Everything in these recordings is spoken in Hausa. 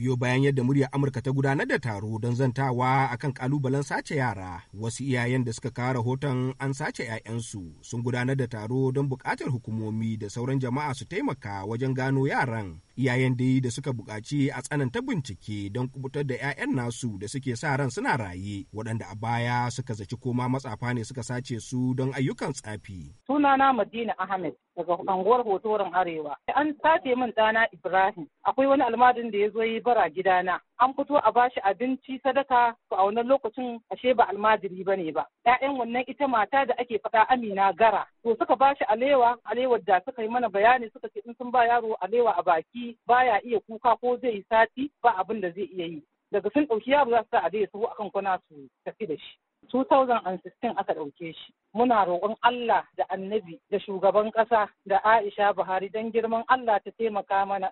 biyo bayan yadda muryar Amurka ta gudanar da taro don zantawa a kan kalubalen sace yara. Wasu iyayen da suka kawo rahoton an sace 'ya'yansu sun gudanar da taro don bukatar hukumomi da sauran jama'a su taimaka wajen gano yaran. iyayen dai da suka buƙaci a tsananta bincike don kubutar da 'ya'yan nasu da suke sa ran suna raye waɗanda a baya suka zaci koma matsafa ne suka sace su don ayyukan tsafi. Sunana Madina Ahmed daga anguwar Hotoron Arewa. An sace min ɗana Ibrahim. Akwai wani almadin da ya zo yi bara gidana. an fito a bashi abinci sadaka to a wannan lokacin ashe ba almajiri bane ba Ya'yan wannan ita mata da ake faɗa Amina Gara to suka bashi alewa alewar da suka yi mana bayani suka ce in sun ba yaro alewa a baki baya iya kuka ko zai yi sati ba abin da zai iya yi daga sun ɗauki yaro za su sa a dai su akan kwana su tafi da shi 2016 aka ɗauke shi. Muna roƙon Allah da annabi da shugaban ƙasa da Aisha Buhari don girman Allah ta taimaka mana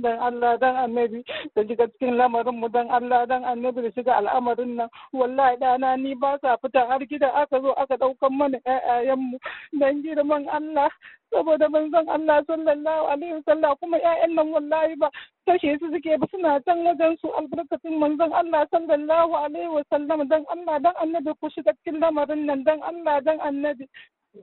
dan Allah dan annabi da shiga cikin lamarin mu dan Allah dan annabi da shiga al'amarin nan wallahi dana ni ba sa fita har gida aka zo aka daukan mana ƴaƴayen mu dan girman Allah saboda manzon Allah sallallahu alaihi wasallam kuma ƴaƴan nan wallahi ba kashe su suke ba suna can wajen su albarkatin manzon Allah sallallahu alaihi wasallam dan Allah dan annabi ku shiga cikin lamarin nan dan Allah dan annabi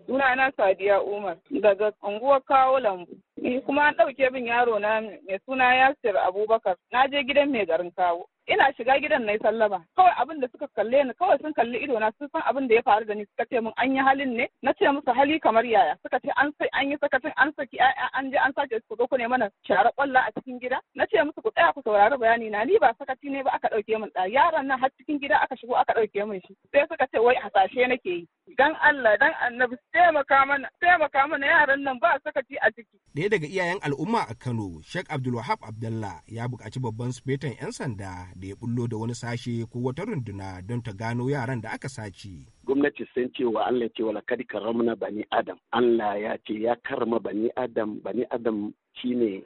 sunana Sadiya Umar daga unguwar Kawo Lambu ni kuma an ɗauke min yaro na mai suna yasir abubakar na je gidan mai garin kawo ina shiga gidan na yi sallama kawai abin da suka kalle ni kawai sun kalli ido na sun san abin da ya faru da ni suka ce min an yi halin ne na ce musu hali kamar yaya suka ce an sai an yi sakacin an saki an je an sace su ku mana share kwalla a cikin gida na ce musu ku tsaya ku saurari bayani na ni ba sakaci ne ba aka ɗauke min ɗa yaron nan har cikin gida aka shigo aka ɗauke min shi sai suka ce wai hasashe nake yi dan Allah dan annabi taimaka mana taimaka mana yaran nan ba sakaci a ciki ɗaya daga iyayen al'umma a kano sheikh abdulwahab abdullah ya buƙaci babban sufetan 'yan sanda da ya bullo da wani sashe ko wata runduna don ta gano yaran da aka sace gwamnati sun ce wa Allah ce wala kad karamna bani adam Allah ya ce ya karma bani adam bani adam shine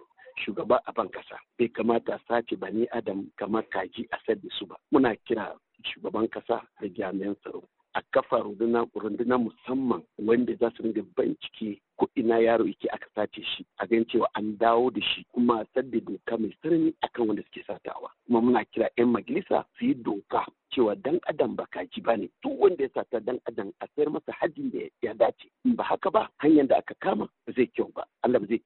shugaba a ban kasa bai kamata sace bani adam kamar kaji a sadi su ba muna kira shugaban kasa da jami'an tsaro a kafa runduna runduna musamman wanda za su ringa bincike ko ina yaro yake aka sace shi a gan cewa an dawo da shi kuma a da doka mai tsanani akan wanda suke satawa kuma muna kira 'yan majalisa su yi doka cewa dan adam ba kaji ba ne duk wanda ya sata dan adam a sayar masa hajji da ya dace in ba haka ba hanyar da aka kama ba zai kyau ba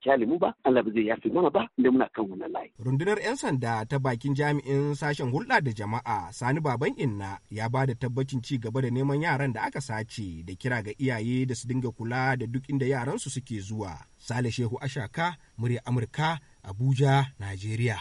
kyale mu ba Allah ba zai yafi mana ba inda muna kan wannan layi rundunar yan sanda ta bakin jami'in sashen hulɗa da jama'a Sani Baban Inna ya ba da tabbacin ci gaba da neman yaran da aka sace da kira ga iyaye da su dinga kula da duk inda yaran su suke zuwa Sale Shehu Ashaka murya Amurka Abuja Najeriya